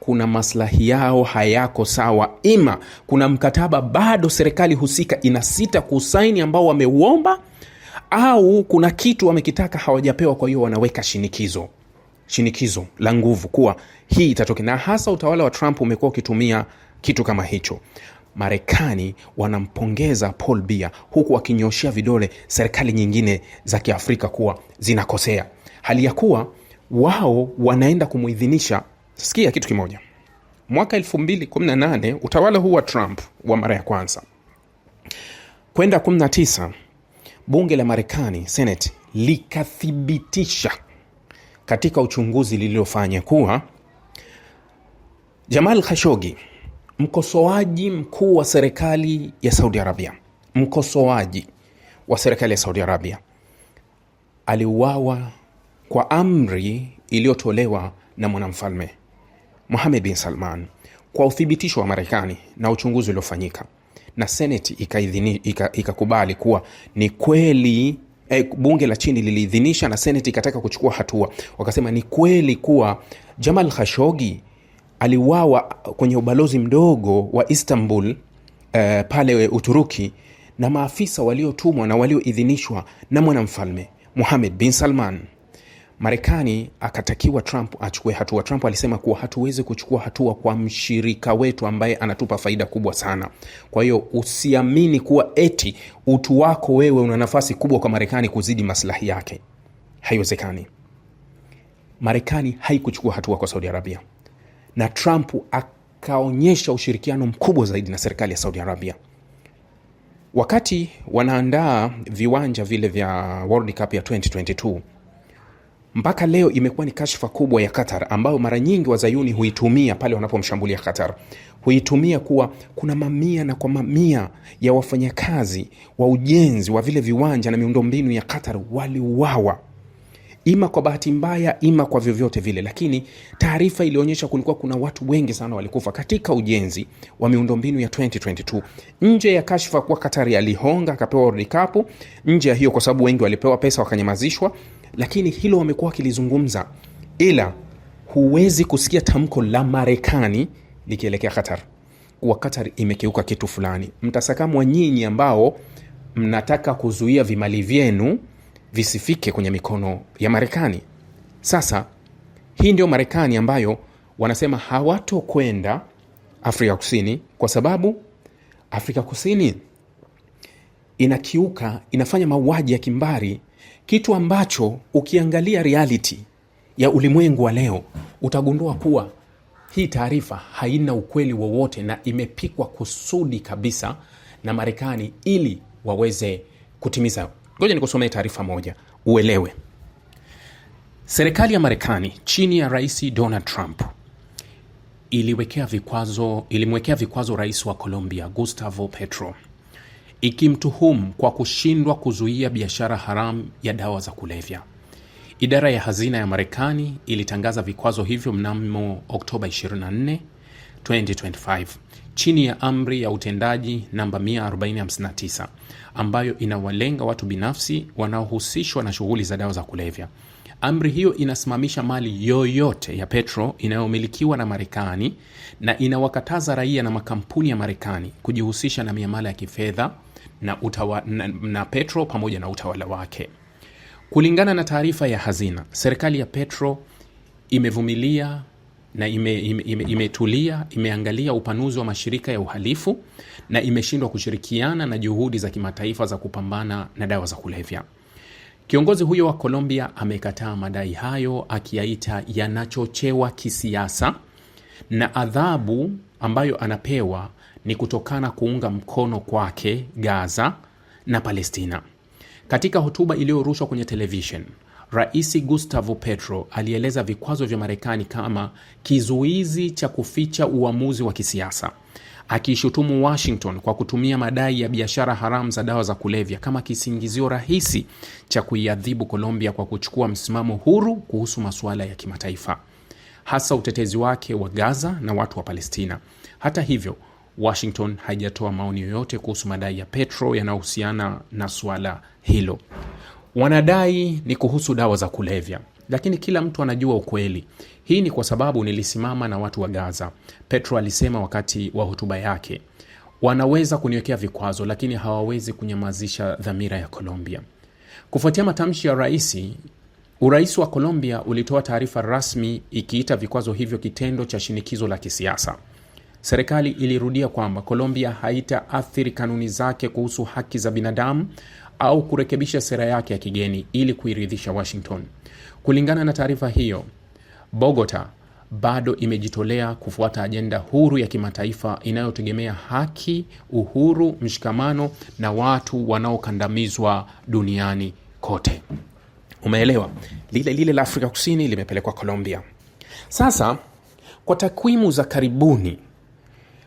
kuna maslahi yao hayako sawa. Ima kuna mkataba bado serikali husika inasita kusaini ambao wameuomba, au kuna kitu wamekitaka hawajapewa, kwa hiyo wanaweka shinikizo shinikizo la nguvu kuwa hii itatoke, na hasa utawala wa Trump umekuwa ukitumia kitu kama hicho. Marekani wanampongeza Paul Bia huku wakinyoshea vidole serikali nyingine za Kiafrika kuwa zinakosea, hali ya kuwa wao wanaenda kumuidhinisha Sikia kitu kimoja, mwaka 2018 utawala huu wa Trump wa mara ya kwanza kwenda 19, bunge la Marekani Senate likathibitisha katika uchunguzi lililofanya kuwa Jamal Khashoggi, mkosoaji mkuu wa serikali ya Saudi Arabia, mkosoaji wa serikali ya Saudi Arabia aliuawa kwa amri iliyotolewa na mwanamfalme Mohamed bin Salman kwa uthibitisho wa Marekani na uchunguzi uliofanyika na Seneti ikaidhini ikakubali kuwa ni kweli eh, bunge la chini liliidhinisha na Seneti ikataka kuchukua hatua, wakasema ni kweli kuwa Jamal Khashoggi aliwawa kwenye ubalozi mdogo wa Istanbul eh, pale Uturuki na maafisa waliotumwa na walioidhinishwa na mwanamfalme Mohamed bin Salman. Marekani akatakiwa Trump achukue hatua. Trump alisema kuwa hatuwezi kuchukua hatua kwa mshirika wetu ambaye anatupa faida kubwa sana. Kwa hiyo usiamini kuwa eti utu wako wewe una nafasi kubwa kwa Marekani kuzidi maslahi yake, haiwezekani. Marekani haikuchukua hatua kwa Saudi Arabia na Trump akaonyesha ushirikiano mkubwa zaidi na serikali ya Saudi Arabia wakati wanaandaa viwanja vile vya World Cup ya 2022 mpaka leo imekuwa ni kashfa kubwa ya Qatar ambayo mara nyingi wazayuni huitumia pale wanapomshambulia Qatar, huitumia kuwa kuna mamia na kwa mamia ya wafanyakazi wa ujenzi wa vile viwanja na miundombinu ya Qatar waliuawa, ima kwa bahati mbaya, ima kwa vyovyote vile, lakini taarifa ilionyesha kulikuwa kuna watu wengi sana walikufa katika ujenzi wa miundombinu ya 2022 nje ya kashfa kuwa Katari alihonga akapewa World Cup nje ya hiyo, kwa sababu wengi walipewa pesa wakanyamazishwa lakini hilo wamekuwa wakilizungumza, ila huwezi kusikia tamko la Marekani likielekea Qatar kuwa Qatar imekiuka kitu fulani. Mtasakamwa nyinyi ambao mnataka kuzuia vimali vyenu visifike kwenye mikono ya Marekani. Sasa hii ndio Marekani ambayo wanasema hawatokwenda Afrika Kusini kwa sababu Afrika Kusini inakiuka, inafanya mauaji ya kimbari kitu ambacho ukiangalia reality ya ulimwengu wa leo utagundua kuwa hii taarifa haina ukweli wowote na imepikwa kusudi kabisa na Marekani ili waweze kutimiza. Ngoja nikusomee taarifa moja uelewe. Serikali ya Marekani chini ya Rais Donald Trump iliwekea vikwazo, ilimwekea vikwazo rais wa Colombia Gustavo Petro ikimtuhumu kwa kushindwa kuzuia biashara haramu ya dawa za kulevya. Idara ya hazina ya Marekani ilitangaza vikwazo hivyo mnamo Oktoba 24, 2025 chini ya amri ya utendaji namba 459 ambayo inawalenga watu binafsi wanaohusishwa na shughuli za dawa za kulevya. Amri hiyo inasimamisha mali yoyote ya petro inayomilikiwa na Marekani na inawakataza raia na makampuni ya Marekani kujihusisha na miamala ya kifedha na, utawa, na, na petro pamoja na utawala wake. Kulingana na taarifa ya hazina, serikali ya Petro imevumilia na imetulia ime, ime imeangalia upanuzi wa mashirika ya uhalifu na imeshindwa kushirikiana na juhudi za kimataifa za kupambana na dawa za kulevya. Kiongozi huyo wa Colombia amekataa madai hayo akiyaita yanachochewa kisiasa na adhabu ambayo anapewa ni kutokana kuunga mkono kwake Gaza na Palestina. Katika hotuba iliyorushwa kwenye televishen, Rais Gustavo Petro alieleza vikwazo vya Marekani kama kizuizi cha kuficha uamuzi wa kisiasa akiishutumu Washington kwa kutumia madai ya biashara haramu za dawa za kulevya kama kisingizio rahisi cha kuiadhibu Colombia kwa kuchukua msimamo huru kuhusu masuala ya kimataifa, hasa utetezi wake wa Gaza na watu wa Palestina. Hata hivyo, Washington haijatoa maoni yoyote kuhusu madai ya Petro yanayohusiana na suala hilo. Wanadai ni kuhusu dawa za kulevya lakini kila mtu anajua ukweli. Hii ni kwa sababu nilisimama na watu wa Gaza. Petro alisema wakati wa hotuba yake, wanaweza kuniwekea vikwazo, lakini hawawezi kunyamazisha dhamira ya Colombia. Kufuatia matamshi ya raisi, urais wa Colombia ulitoa taarifa rasmi ikiita vikwazo hivyo kitendo cha shinikizo la kisiasa. Serikali ilirudia kwamba Colombia haitaathiri kanuni zake kuhusu haki za binadamu au kurekebisha sera yake ya kigeni ili kuiridhisha Washington. Kulingana na taarifa hiyo, Bogota bado imejitolea kufuata ajenda huru ya kimataifa inayotegemea haki, uhuru, mshikamano na watu wanaokandamizwa duniani kote. Umeelewa? Lile lile la Afrika Kusini limepelekwa Colombia. Sasa kwa takwimu za karibuni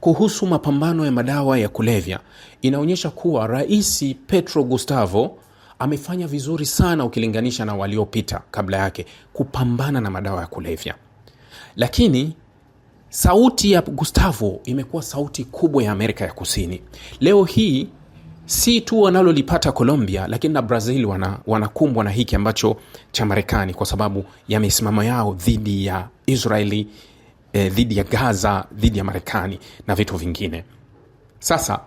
kuhusu mapambano ya madawa ya kulevya inaonyesha kuwa Rais Petro Gustavo amefanya vizuri sana ukilinganisha na waliopita kabla yake kupambana na madawa ya kulevya, lakini sauti ya Gustavo imekuwa sauti kubwa ya Amerika ya Kusini. Leo hii si tu wanalolipata Colombia, lakini na Brazil wanakumbwa wana na hiki ambacho cha Marekani kwa sababu ya misimamo yao dhidi ya Israeli, eh, dhidi ya Gaza, dhidi ya Marekani na vitu vingine. Sasa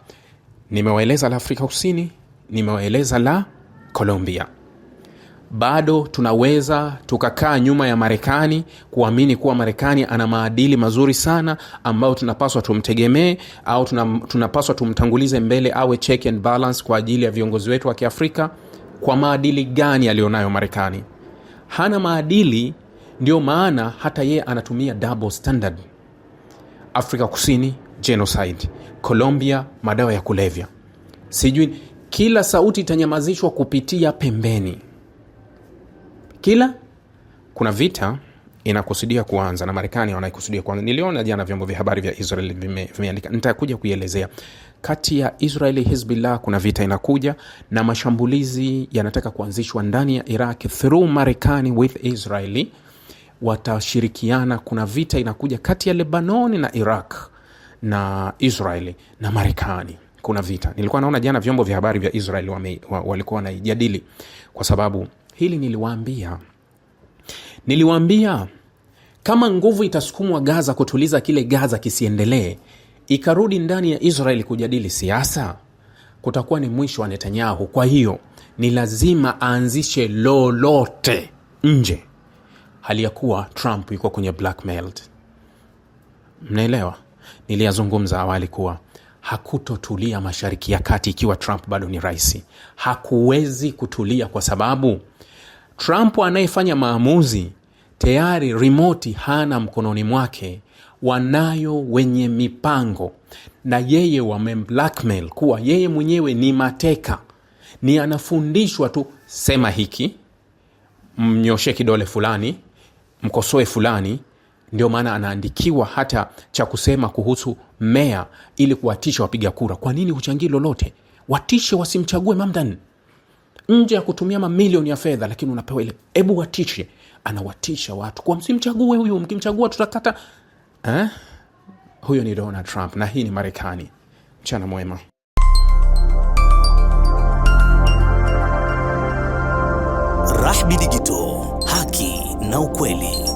nimewaeleza la Afrika Kusini, nimewaeleza la Colombia. Bado tunaweza tukakaa nyuma ya Marekani kuamini kuwa Marekani ana maadili mazuri sana ambayo tunapaswa tumtegemee au tunapaswa tumtangulize mbele awe check and balance kwa ajili ya viongozi wetu wa Kiafrika. Kwa maadili gani aliyonayo Marekani? Hana maadili, ndiyo maana hata yeye anatumia double standard. Afrika Kusini genocide, Colombia madawa ya kulevya, sijui kila sauti itanyamazishwa kupitia pembeni. Kila kuna vita inakusudia kuanza na Marekani wanaikusudia kuanza. Niliona jana vyombo vya habari vya Israel vimeandika, nitakuja kuielezea. Kati ya israel Hizbillah kuna vita inakuja na mashambulizi yanataka kuanzishwa ndani ya Iraq through Marekani with Israeli, watashirikiana. Kuna vita inakuja kati ya Lebanoni na Iraq na Israeli na Marekani kuna vita. Nilikuwa naona jana vyombo vya habari vya Israel wame, wa, walikuwa wanaijadili kwa sababu hili niliwaambia, niliwaambia kama nguvu itasukumwa Gaza kutuliza kile Gaza kisiendelee, ikarudi ndani ya Israel kujadili siasa, kutakuwa ni mwisho wa Netanyahu. Kwa hiyo ni lazima aanzishe lolote nje, hali ya kuwa Trump yuko kwenye blackmailed. Mnaelewa, niliyazungumza awali kuwa hakutotulia Mashariki ya Kati ikiwa Trump bado ni rais. Hakuwezi kutulia kwa sababu Trump anayefanya maamuzi tayari rimoti hana mkononi mwake, wanayo wenye mipango na yeye wamemblackmail kuwa yeye mwenyewe ni mateka, ni anafundishwa tu, sema hiki, mnyoshe kidole fulani, mkosoe fulani, ndio maana anaandikiwa hata cha kusema kuhusu meya ili kuwatisha wapiga kura. Kwa nini huchangii lolote? Watishe wasimchague Mamdan nje ya kutumia mamilioni ya fedha, lakini unapewa ile, hebu watishe. Anawatisha watu kwa msimchague huyu, mkimchagua tutakata eh? Huyo ni Donald Trump na hii ni Marekani. Mchana mwema. Rahby digito haki na ukweli.